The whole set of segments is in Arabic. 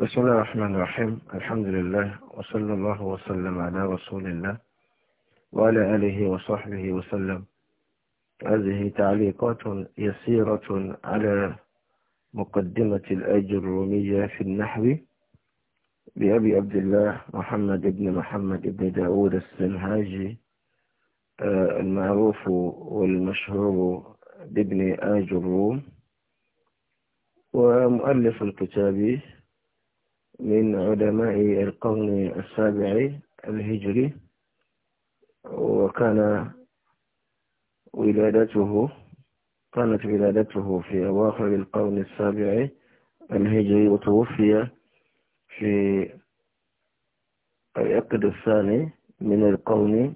بسم الله الرحمن الرحيم الحمد لله وصلى الله وسلم على رسول الله وعلى آله وصحبه وسلم هذه تعليقات يسيرة على مقدمة الأجر الرومية في النحو بأبي عبد الله محمد بن محمد بن داود السنهاجي آه، المعروف والمشهور بابن آج الروم ومؤلف الكتاب من علماء القرن السابع الهجري وكان ولادته كانت ولادته في أواخر القرن السابع الهجري وتوفي في العقد الثاني من القرن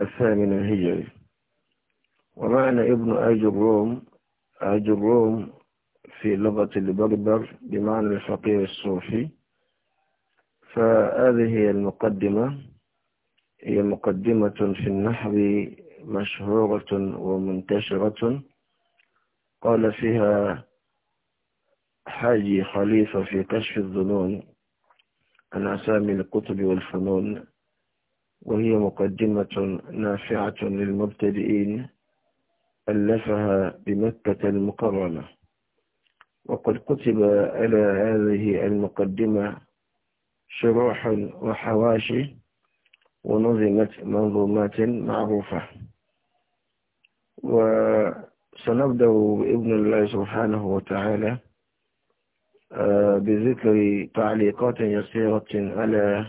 الثامن الهجري ومعنى ابن أجروم أجروم في لغة البربر بمعنى الفقير الصوفي فهذه هي المقدمة هي مقدمة في النحو مشهورة ومنتشرة قال فيها حاجي خليفة في كشف الظنون عن أسامي الكتب والفنون وهي مقدمة نافعة للمبتدئين ألفها بمكة المكرمة وقد كتب على هذه المقدمة شروح وحواشي ونظمت منظومات معروفة وسنبدأ بإذن الله سبحانه وتعالى آه، بذكر تعليقات يسيرة على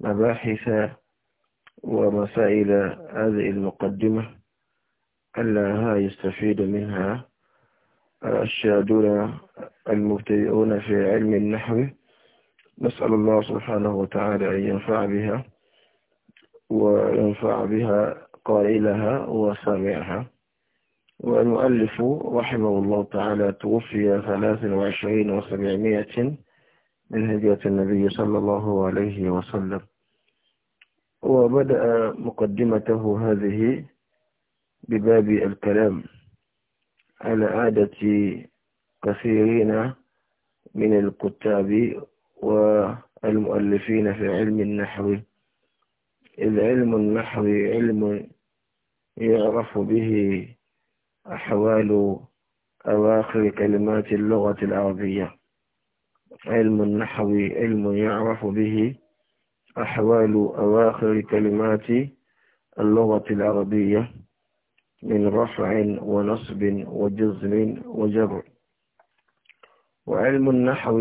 مباحث ومسائل هذه المقدمة ألا يستفيد منها آه، الشادون المبتدئون في علم النحو نسأل الله سبحانه وتعالى أن ينفع بها وينفع بها قائلها وسامعها والمؤلف رحمه الله تعالى توفي 23 و700 من هدية النبي صلى الله عليه وسلم وبدأ مقدمته هذه بباب الكلام على عادة كثيرين من الكتاب والمؤلفين في علم النحو إذ علم النحو علم يعرف به أحوال أواخر كلمات اللغة العربية علم النحو علم يعرف به أحوال أواخر كلمات اللغة العربية من رفع ونصب وجزم وجر وعلم النحو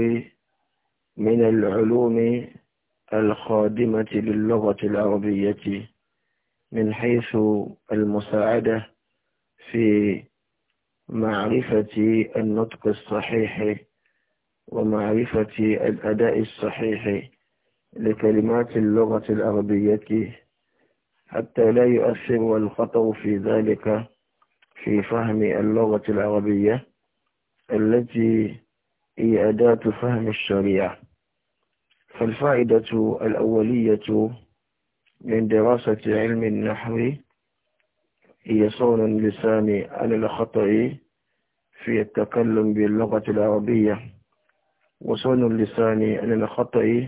من العلوم الخادمة للغة العربية من حيث المساعدة في معرفة النطق الصحيح ومعرفة الأداء الصحيح لكلمات اللغة العربية حتى لا يؤثر الخطأ في ذلك في فهم اللغة العربية التي هي أداة فهم الشريعة فالفائدة الأولية من دراسة علم النحو هي صون اللسان على الخطأ في التكلم باللغة العربية وصون اللسان على الخطأ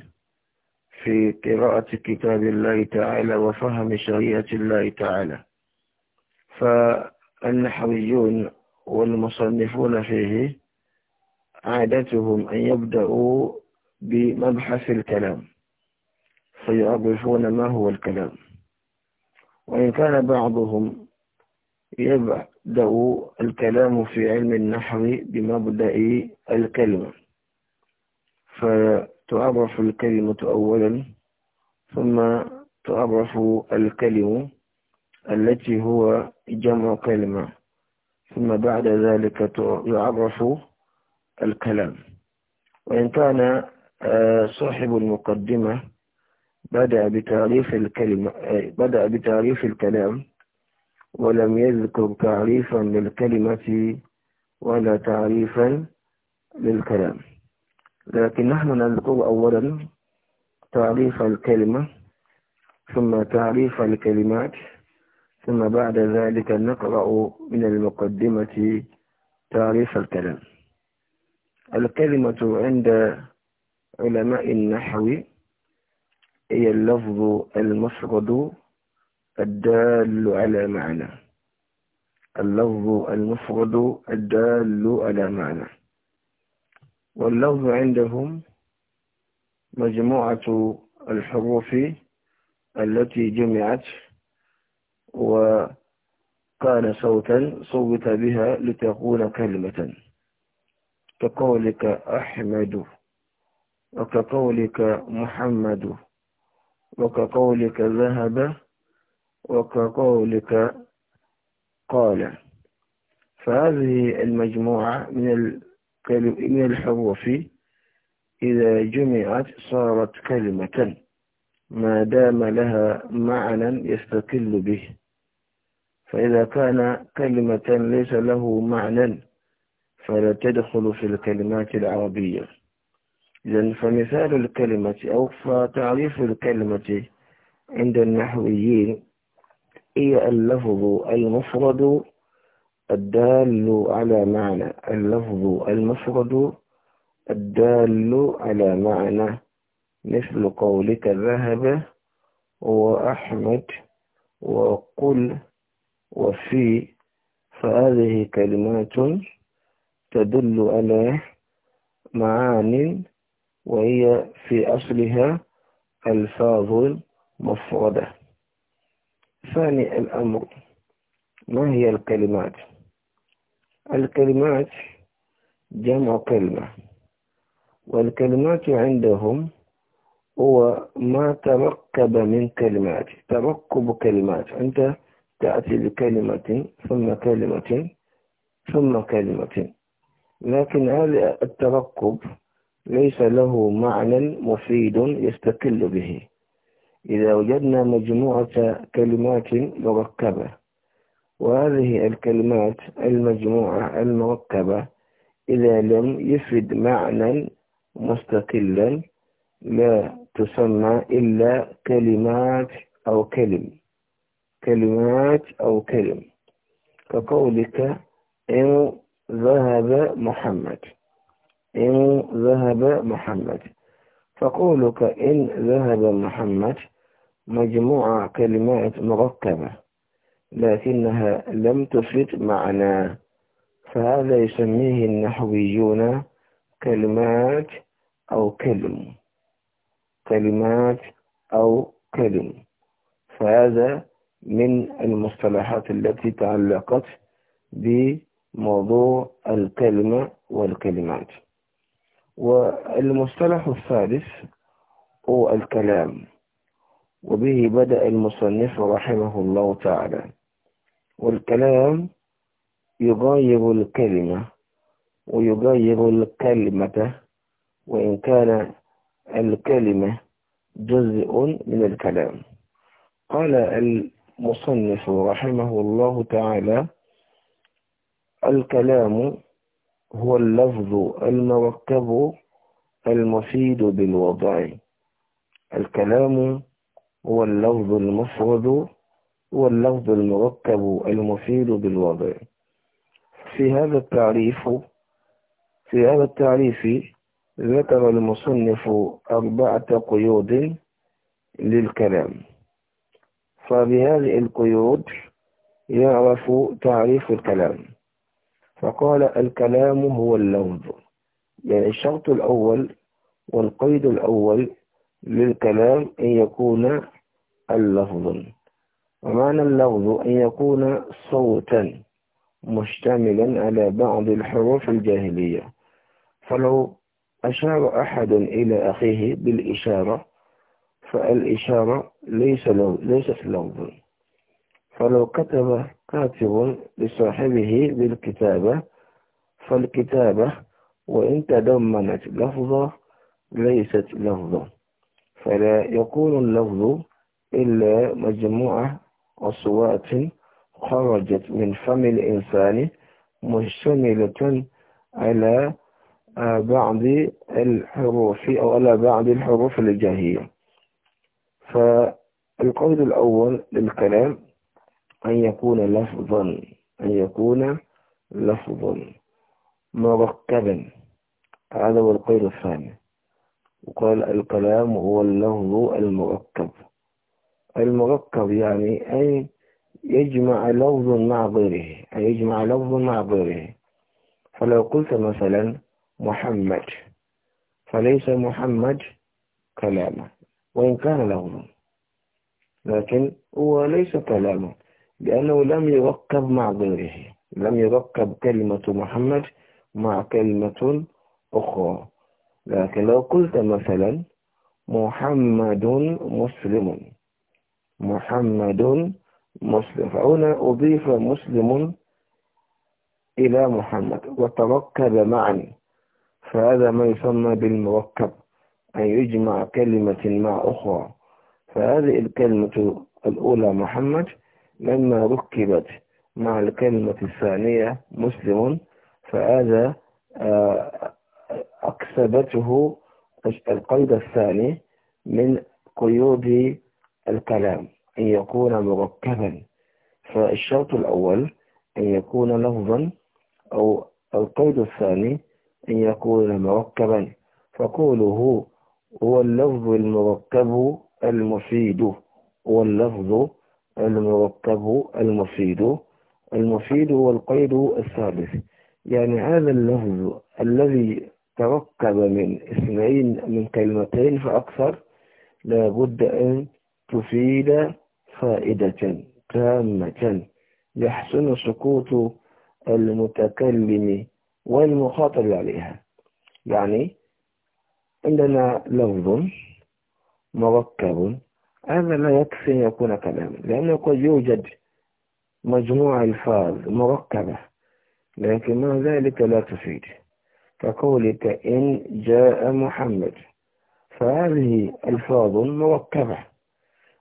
في قراءة كتاب الله تعالى وفهم شريعة الله تعالى فالنحويون والمصنفون فيه عادتهم أن يبدأوا بمبحث الكلام فيعرفون ما هو الكلام وإن كان بعضهم يبدأ الكلام في علم النحو بمبدأ الكلمة فتعرف الكلمة أولا ثم تعرف الكلمة التي هو جمع كلمة ثم بعد ذلك يعرف الكلام وإن كان آه، صاحب المقدمة بدأ بتعريف الكلمة آه، بدأ بتعريف الكلام ولم يذكر تعريفا للكلمة ولا تعريفا للكلام لكن نحن نذكر أولا تعريف الكلمة ثم تعريف الكلمات ثم بعد ذلك نقرأ من المقدمة تعريف الكلام الكلمة عند علماء النحو هي اللفظ المفرد الدال على معنى اللفظ المفرد الدال على معنى واللفظ عندهم مجموعة الحروف التي جمعت وكان صوتا صوت بها لتكون كلمة كقولك أحمد وكقولك محمد وكقولك ذهب وكقولك قال فهذه المجموعة من من الحروف إذا جمعت صارت كلمة ما دام لها معنى يستقل به فإذا كان كلمة ليس له معنى فلا تدخل في الكلمات العربية إذن فمثال الكلمة أو فتعريف الكلمة عند النحويين هي اللفظ المفرد الدال على معنى اللفظ المفرد الدال على معنى مثل قولك ذهب وأحمد وقل وفي فهذه كلمات تدل على معان وهي في أصلها ألفاظ مفردة ثاني الأمر ما هي الكلمات الكلمات جمع كلمة والكلمات عندهم هو ما تركب من كلمات تركب كلمات أنت تأتي بكلمة ثم كلمة ثم كلمة لكن هذا الترقب ليس له معنى مفيد يستقل به إذا وجدنا مجموعة كلمات مركبة وهذه الكلمات المجموعة المركبة إذا لم يفد معنى مستقلا لا تسمى إلا كلمات أو كلم كلمات أو كلم كقولك ذهب محمد إن ذهب محمد فقولك إن ذهب محمد مجموعة كلمات مركبة لكنها لم تفد معنى فهذا يسميه النحويون كلمات أو كلم كلمات أو كلم فهذا من المصطلحات التي تعلقت ب موضوع الكلمة والكلمات والمصطلح الثالث هو الكلام وبه بدأ المصنف رحمه الله تعالى والكلام يغير الكلمة ويغير الكلمة وإن كان الكلمة جزء من الكلام قال المصنف رحمه الله تعالى الكلام هو اللفظ المركب المفيد بالوضع الكلام هو اللفظ المفرد هو اللفظ المركب المفيد بالوضع في هذا التعريف في هذا التعريف ذكر المصنف أربعة قيود للكلام فبهذه القيود يعرف تعريف الكلام فقال الكلام هو اللفظ يعني الشرط الأول والقيد الأول للكلام أن يكون اللفظ ومعنى اللفظ أن يكون صوتا مشتملا على بعض الحروف الجاهلية فلو أشار أحد إلى أخيه بالإشارة فالإشارة ليس لو ليست لفظا فلو كتب كاتب لصاحبه بالكتابة فالكتابة وإن تضمنت لفظة ليست لفظة فلا يكون اللفظ إلا مجموعة أصوات خرجت من فم الإنسان مشتملة على بعض الحروف أو على بعض الحروف الجاهية فالقول الأول للكلام أن يكون لفظا أن يكون لفظا مركبا هذا هو القول الثاني وقال الكلام هو اللفظ المركب المركب يعني أن يجمع لفظ مع غيره أن يجمع لفظ مع غيره فلو قلت مثلا محمد فليس محمد كلامه وإن كان لفظا لكن هو ليس كلامه لأنه لم يركب مع غيره لم يركب كلمة محمد مع كلمة أخرى لكن لو قلت مثلا محمد مسلم محمد مسلم فهنا أضيف مسلم إلى محمد وتركب معا فهذا ما يسمى بالمركب أن يجمع كلمة مع أخرى فهذه الكلمة الأولى محمد لما ركبت مع الكلمة الثانية مسلم فهذا آه، أكسبته القيد الثاني من قيود الكلام أن يكون مركبا فالشرط الأول أن يكون لفظا أو القيد الثاني أن يكون مركبا فقوله هو اللفظ المركب المفيد هو اللفظ المركب المفيد المفيد هو القيد الثالث يعني هذا اللفظ الذي تركب من اسمين من كلمتين فأكثر لابد أن تفيد فائدة تامة يحسن سكوت المتكلم والمخاطر عليها يعني عندنا لفظ مركب هذا لا يكفي أن يكون كلاما لأنه قد يوجد مجموعة ألفاظ مركبة لكن مع ذلك لا تفيد كقولك إن جاء محمد فهذه ألفاظ مركبة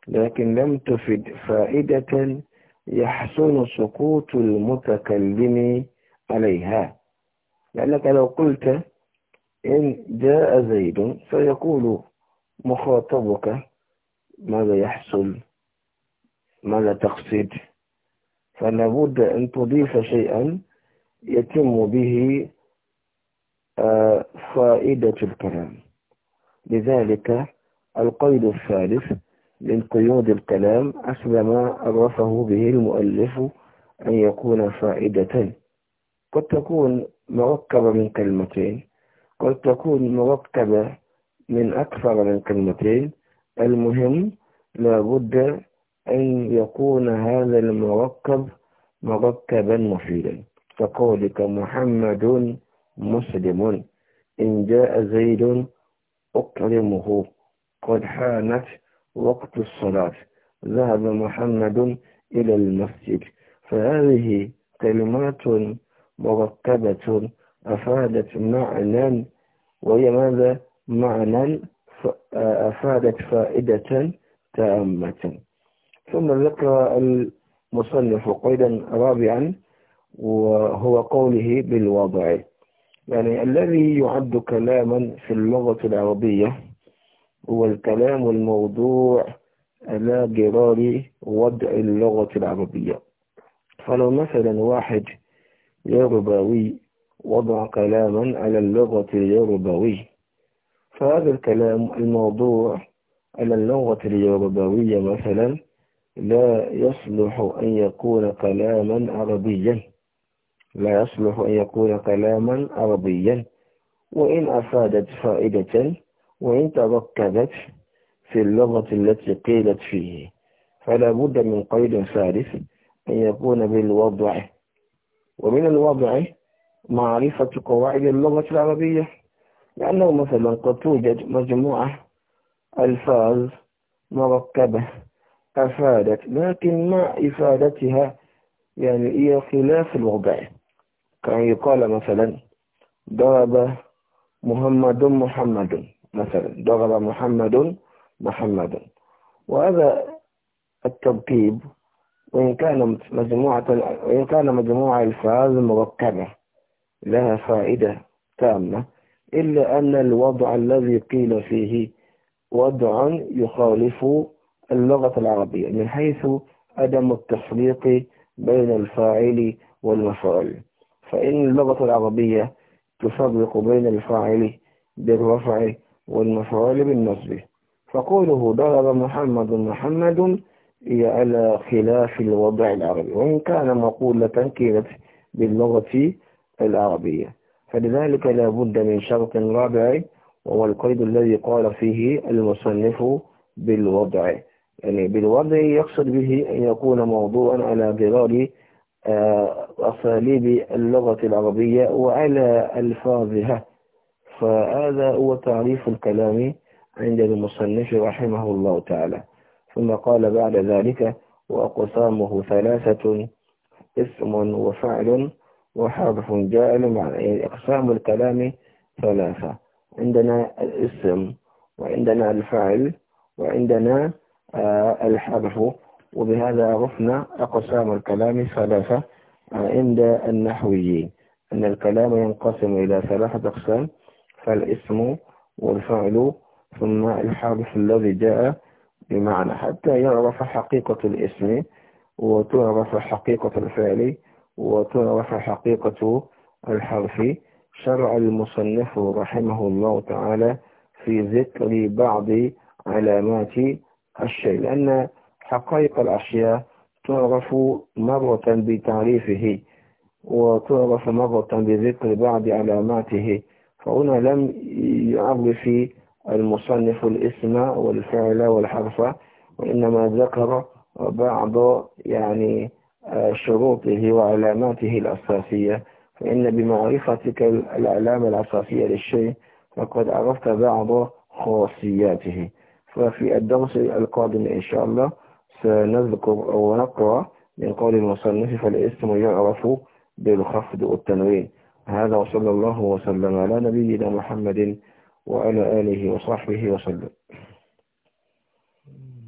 لكن لم تفد فائدة يحسن سقوط المتكلم عليها لأنك لو قلت إن جاء زيد فيقول مخاطبك ماذا يحصل ماذا تقصد فلا بد أن تضيف شيئا يتم به آه، فائدة الكلام لذلك القيد الثالث من قيود الكلام حسب ما عرفه به المؤلف أن يكون فائدة قد تكون مركبة من كلمتين قد تكون مركبة من أكثر من كلمتين المهم لابد أن يكون هذا المركب مركبا مفيدا كقولك محمد مسلم إن جاء زيد أكرمه قد حانت وقت الصلاة ذهب محمد إلى المسجد فهذه كلمات مركبة أفادت معنى وهي ماذا معنى أفادت فائدة تامة ثم ذكر المصنف قيدا رابعا وهو قوله بالوضع يعني الذي يعد كلاما في اللغة العربية هو الكلام الموضوع على جرار وضع اللغة العربية فلو مثلا واحد يربوي وضع كلاما على اللغة اليربوي فهذا الكلام الموضوع على اللغة اليوروباوية مثلا لا يصلح أن يكون كلاما عربيا لا يصلح أن يكون كلاما عربيا وإن أفادت فائدة وإن تركبت في اللغة التي قيلت فيه فلا بد من قيد ثالث أن يكون بالوضع ومن الوضع معرفة قواعد اللغة العربية لأنه مثلا قد توجد مجموعة ألفاظ مركبة أفادت لكن مع إفادتها يعني هي خلاف الوضع كان يقال مثلا ضرب محمد محمد مثلا ضرب محمد محمد وهذا التركيب وإن كان مجموعة وإن كان مجموعة ألفاظ مركبة لها فائدة تامة إلا أن الوضع الذي قيل فيه وضع يخالف اللغة العربية من حيث عدم التفريق بين الفاعل والمفعول فإن اللغة العربية تفرق بين الفاعل بالرفع والمفعول بالنصب فقوله ضرب محمد محمد هي على خلاف الوضع العربي وإن كان مقولة كانت باللغة العربية فلذلك لا بد من شرط رابع وهو القيد الذي قال فيه المصنف بالوضع يعني بالوضع يقصد به أن يكون موضوعا على ضرار آه، أساليب اللغة العربية وعلى ألفاظها فهذا هو تعريف الكلام عند المصنف رحمه الله تعالى ثم قال بعد ذلك وأقسامه ثلاثة اسم وفعل وحرف جائل مع أقسام الكلام ثلاثة عندنا الاسم وعندنا الفعل وعندنا آه، الحرف وبهذا عرفنا أقسام الكلام ثلاثة آه، عند النحويين أن الكلام ينقسم إلى ثلاثة أقسام فالاسم والفعل ثم الحرف الذي جاء بمعنى حتى يعرف حقيقة الاسم وتعرف حقيقة الفعل وتعرف حقيقة الحرف شرع المصنف رحمه الله تعالى في ذكر بعض علامات الشيء لأن حقائق الأشياء تعرف مرة بتعريفه وتعرف مرة بذكر بعض علاماته فهنا لم يعرف المصنف الاسم والفعل والحرف وإنما ذكر بعض يعني شروطه وعلاماته الأساسية فإن بمعرفتك العلامة الأساسية للشيء فقد عرفت بعض خاصياته ففي الدرس القادم إن شاء الله سنذكر ونقرأ من قول المصنف فالاسم يعرف بالخفض والتنوين هذا وصلى الله وسلم على نبينا محمد وعلى آله وصحبه وسلم